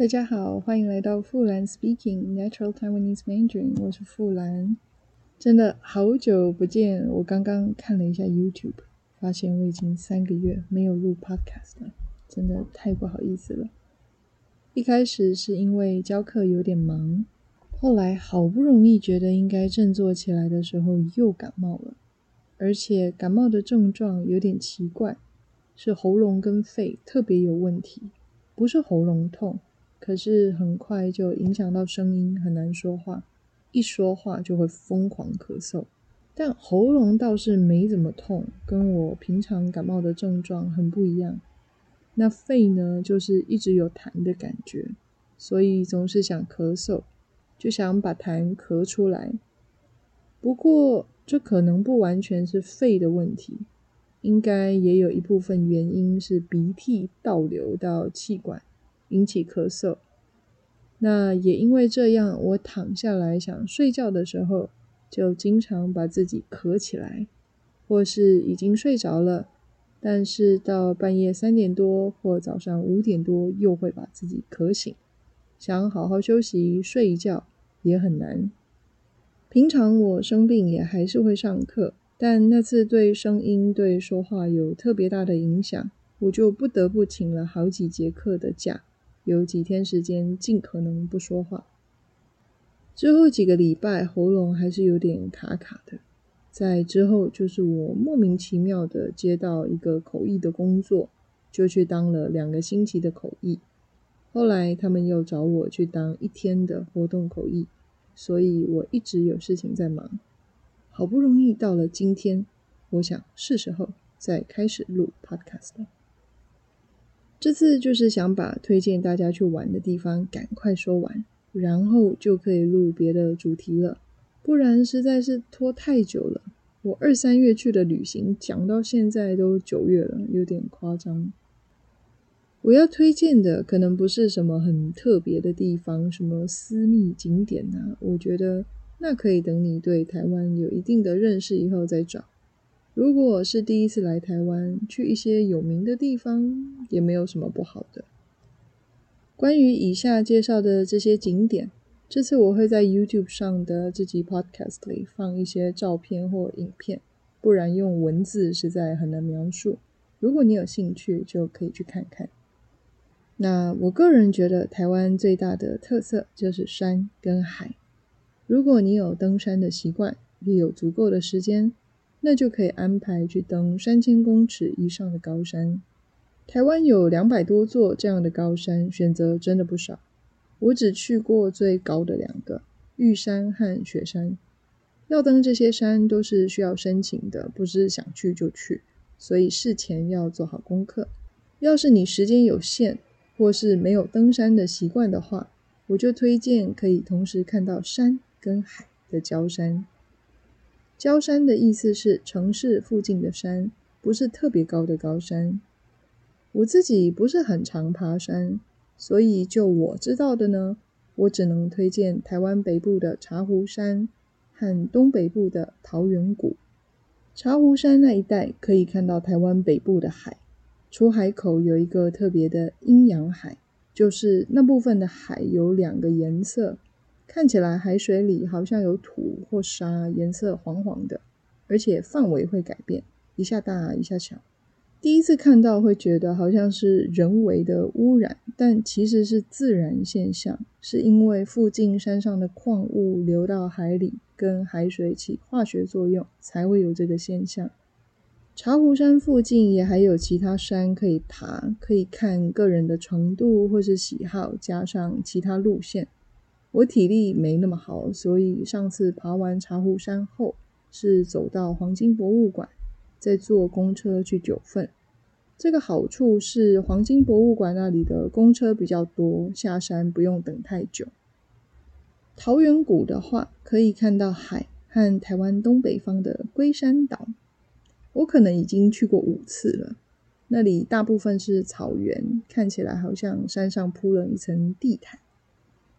大家好，歡迎來到富蘭 Speaking Natural Taiwanese Mandarin，我是富蘭。真的好久不見！我剛剛看了一下 YouTube，發現我已經三個月沒有錄 podcast 了，真的太不好意思了。一開始是因為教課有點忙，後來好不容易覺得應該振作起來的時候，又感冒了，而且感冒的症狀有點奇怪，是喉嚨跟肺特別有問題，不是喉嚨痛。可是很快就影響到聲音，很難說話，一說話就會瘋狂咳嗽，但喉嚨倒是沒怎麼痛，跟我平常感冒的症狀很不一樣。那肺呢，就是一直有痰的感覺，所以總是想咳嗽，就想把痰咳出來。不過這可能不完全是肺的問題，應該也有一部分原因是鼻涕倒流到氣管，引起咳嗽，那也因為這樣，我躺下來想睡覺的時候，就經常把自己咳起來；或是已經睡着了，但是到半夜三點多或早上五點多，又會把自己咳醒。想好好休息，睡一覺也很難。平常我生病也還是會上課，但那次對聲音、對說話有特別大的影響，我就不得不請了好幾節課的假。有幾天時間盡可能不說話。之後幾個禮拜，喉嚨還是有點卡卡的。在之後，就是我莫名其妙的接到一個口譯的工作，就去當了兩個星期的口譯。後來他們又找我去當一天的活動口譯，所以我一直有事情在忙。好不容易到了今天，我想是時候再開始錄 Podcast 了。這次就是想把推薦大家去玩的地方趕快說完，然後就可以錄別的主題了。不然實在是拖太久了。我二三月去的旅行，講到現在都九月了，有點誇張。我要推薦的可能不是什麼很特別的地方，什麼私密景點啊，我覺得那可以等你對台灣有一定的認識以後再找。如果我是第一次來台灣，去一些有名的地方也沒有什麼不好的。關於以下介紹的這些景點，這次我會在 YouTube 上的這集 Podcast 裡放一些照片或影片，不然用文字實在很難描述。如果你有興趣，就可以去看看。那我個人覺得台灣最大的特色就是山跟海。如果你有登山的習慣，也有足夠的時間，那就可以安排去登三千公尺以上的高山。台灣有兩百多座這樣的高山，選擇真的不少。我只去過最高的兩個玉山和雪山。要登這些山都是需要申請的，不是想去就去，所以事前要做好功課。要是你時間有限，或是沒有登山的習慣的話，我就推薦可以同時看到山跟海的郊山。郊山的意思是城市附近的山，不是特別高的高山。我自己不是很常爬山，所以就我知道的呢，我只能推薦台灣北部的茶壺山和東北部的桃源谷。茶壺山那一帶可以看到台灣北部的海，出海口有一個特別的陰陽海，就是那部分的海有兩個顏色。看起來海水裡好像有土或沙，顏色黃黃的，而且範圍會改變，一下大一下小。第一次看到會覺得好像是人為的汙染，但其實是自然現象，是因為附近山上的礦物流到海裡，跟海水起化學作用，才會有這個現象。茶壺山附近也還有其他山可以爬，可以看個人的程度或是喜好，加上其他路線。我體力沒那麼好，所以上次爬完茶壺山後，是走到黃金博物館，再坐公車去九份。這個好處是黃金博物館那裡的公車比較多，下山不用等太久。桃源谷的話，可以看到海和台灣東北方的龜山島。我可能已經去過五次了，那裡大部分是草原，看起來好像山上鋪了一層地毯。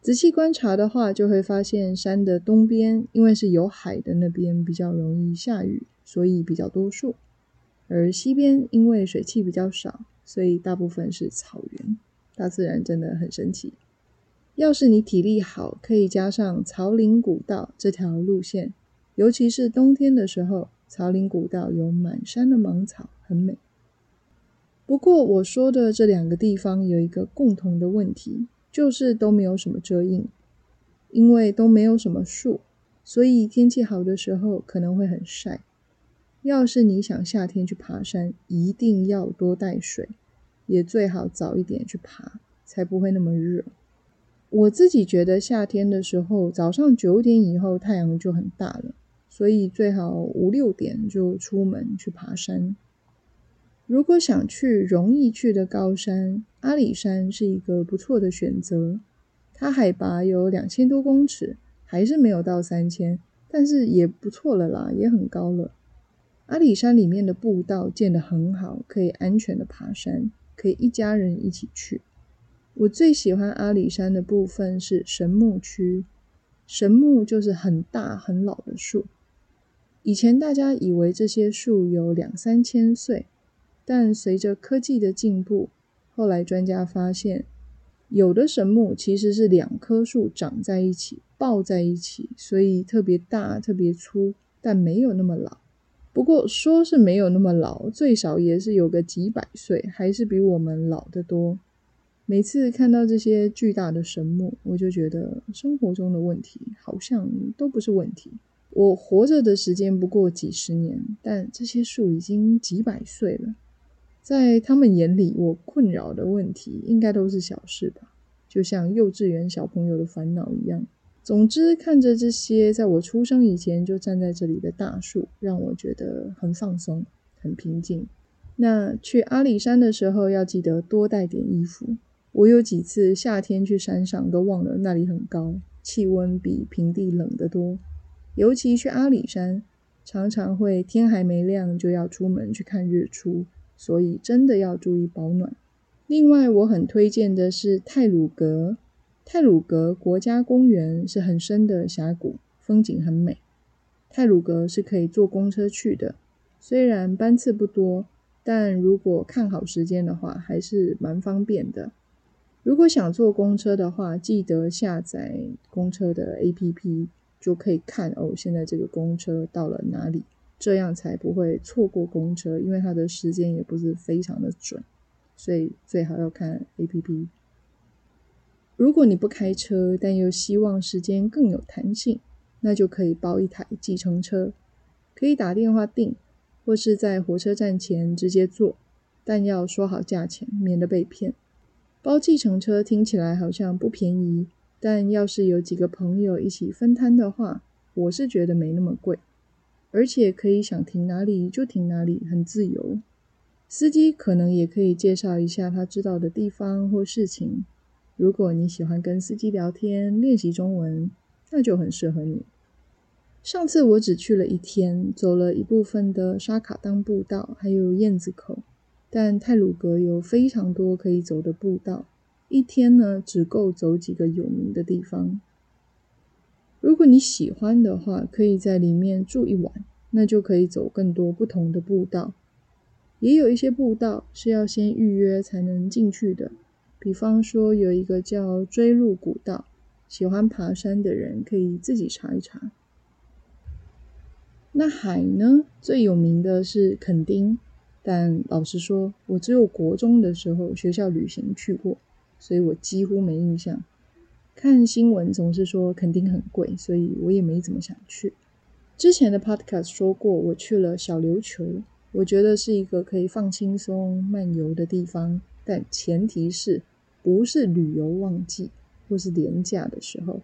仔細觀察的話，就會發現山的東邊，因為是有海的那邊比較容易下雨，所以比較多樹；而西邊因為水汽比較少，所以大部分是草原。大自然真的很神奇。要是你體力好，可以加上草嶺古道這條路線，尤其是冬天的時候，草嶺古道有滿山的芒草，很美。不過我說的這兩個地方有一個共同的問題。就是都沒有什麼遮蔭，因為都沒有什麼樹，所以天氣好的時候可能會很曬。要是你想夏天去爬山，一定要多帶水，也最好早一點去爬，才不會那麼熱。我自己覺得夏天的時候，早上九點以後太陽就很大了，所以最好五六點就出門去爬山。如果想去容易去的高山，阿里山是一個不錯的選擇。它海拔有兩千多公尺，還是沒有到三千，但是也不錯了啦，也很高了。阿里山裡面的步道建得很好，可以安全的爬山，可以一家人一起去。我最喜歡阿里山的部分是神木區，神木就是很大很老的樹。以前大家以為這些樹有兩三千歲。但隨着科技的進步，後來專家發現，有的神木其實是兩棵樹長在一起、抱在一起，所以特別大、特別粗，但沒有那麼老。不過說是沒有那麼老，最少也是有個幾百歲，還是比我們老得多。每次看到這些巨大的神木，我就覺得生活中的問題好像都不是問題。我活着的時間不過幾十年，但這些樹已經幾百歲了。在他們眼裡，我困擾的問題應該都是小事吧，就像幼稚園小朋友的煩惱一樣。總之，看着這些在我出生以前就站在這裡的大樹，讓我覺得很放鬆、很平靜。那去阿里山的時候，要記得多帶點衣服。我有幾次夏天去山上都忘了那裡很高，氣溫比平地冷得多。尤其去阿里山，常常會天還沒亮就要出門去看日出。所以真的要注意保暖。另外，我很推薦的是太魯閣，太魯閣國家公園是很深的峽谷，風景很美。太魯閣是可以坐公車去的，雖然班次不多，但如果看好時間的話，還是蠻方便的。如果想坐公車的話，記得下載公車的 APP，就可以看哦，現在這個公車到了哪裡。這樣才不會錯過公車，因為它的時間也不是非常的準，所以最好要看 APP。如果你不開車，但又希望時間更有彈性，那就可以包一台計程車，可以打電話訂，或是在火車站前直接坐，但要說好價錢，免得被騙。包計程車聽起來好像不便宜，但要是有幾個朋友一起分攤的話，我是覺得沒那麼貴。而且可以想停哪裡就停哪裡，很自由。司機可能也可以介紹一下他知道的地方或事情。如果你喜歡跟司機聊天，練習中文，那就很適合你。上次我只去了一天，走了一部分的砂卡礑步道，還有燕子口。但太魯閣有非常多可以走的步道，一天呢，只夠走幾個有名的地方。如果你喜歡的話，可以在裡面住一晚，那就可以走更多不同的步道。也有一些步道是要先預約才能進去的，比方說有一個叫錐麓古道，喜歡爬山的人可以自己查一查。那海呢，最有名的是墾丁，但老實說，我只有國中的時候學校旅行去過，所以我幾乎沒印象。看新聞總是說肯定很貴，所以我也沒怎麼想去。之前的 podcast 說過，我去了小琉球，我覺得是一個可以放輕鬆漫遊的地方，但前提是不是旅遊旺季或是廉價的時候。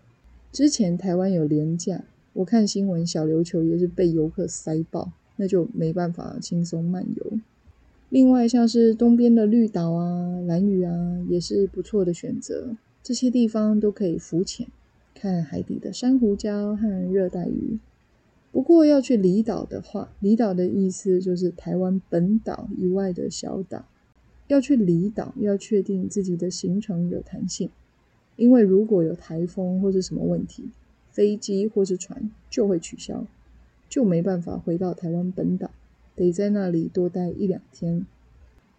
之前台灣有廉價，我看新聞小琉球也是被遊客塞爆，那就沒辦法輕鬆漫遊。另外像是東邊的綠島啊、蘭嶼啊，也是不錯的選擇。這些地方都可以浮潛，看海底的珊瑚礁和熱帶魚。不過要去離島的話，離島的意思就是台灣本島以外的小島。要去離島，要確定自己的行程有彈性，因為如果有颱風或是什麼問題，飛機或是船就會取消，就沒辦法回到台灣本島，得在那裡多待一兩天。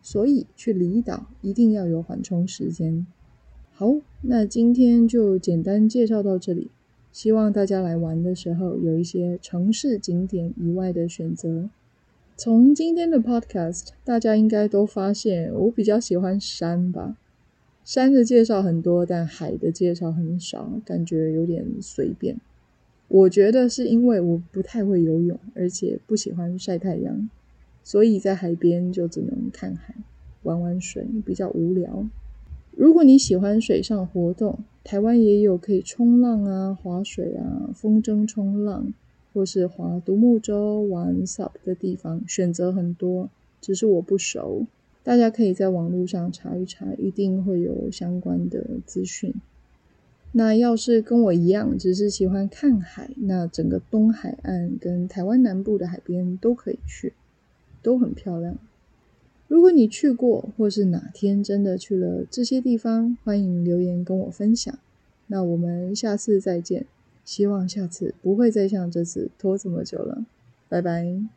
所以去離島一定要有緩衝時間。好，那今天就簡單介紹到這裡。希望大家來玩的時候有一些城市景點以外的選擇。從今天的 podcast，大家應該都發現我比較喜歡山吧？山的介紹很多，但海的介紹很少，感覺有點隨便。我覺得是因為我不太會游泳，而且不喜歡曬太陽，所以在海邊就只能看海、玩玩水，比較無聊。如果你喜歡水上活動，台灣也有可以衝浪啊、划水啊、風箏衝浪，或是划獨木舟玩 SUP 的地方，選擇很多。只是我不熟，大家可以在網絡上查一查，一定會有相關的資訊。那要是跟我一樣，只是喜歡看海，那整個東海岸跟台灣南部的海邊都可以去，都很漂亮。如果你去過，或是哪天真的去了這些地方，歡迎留言跟我分享。那我們下次再見，希望下次不會再像這次拖這麼久了。拜拜。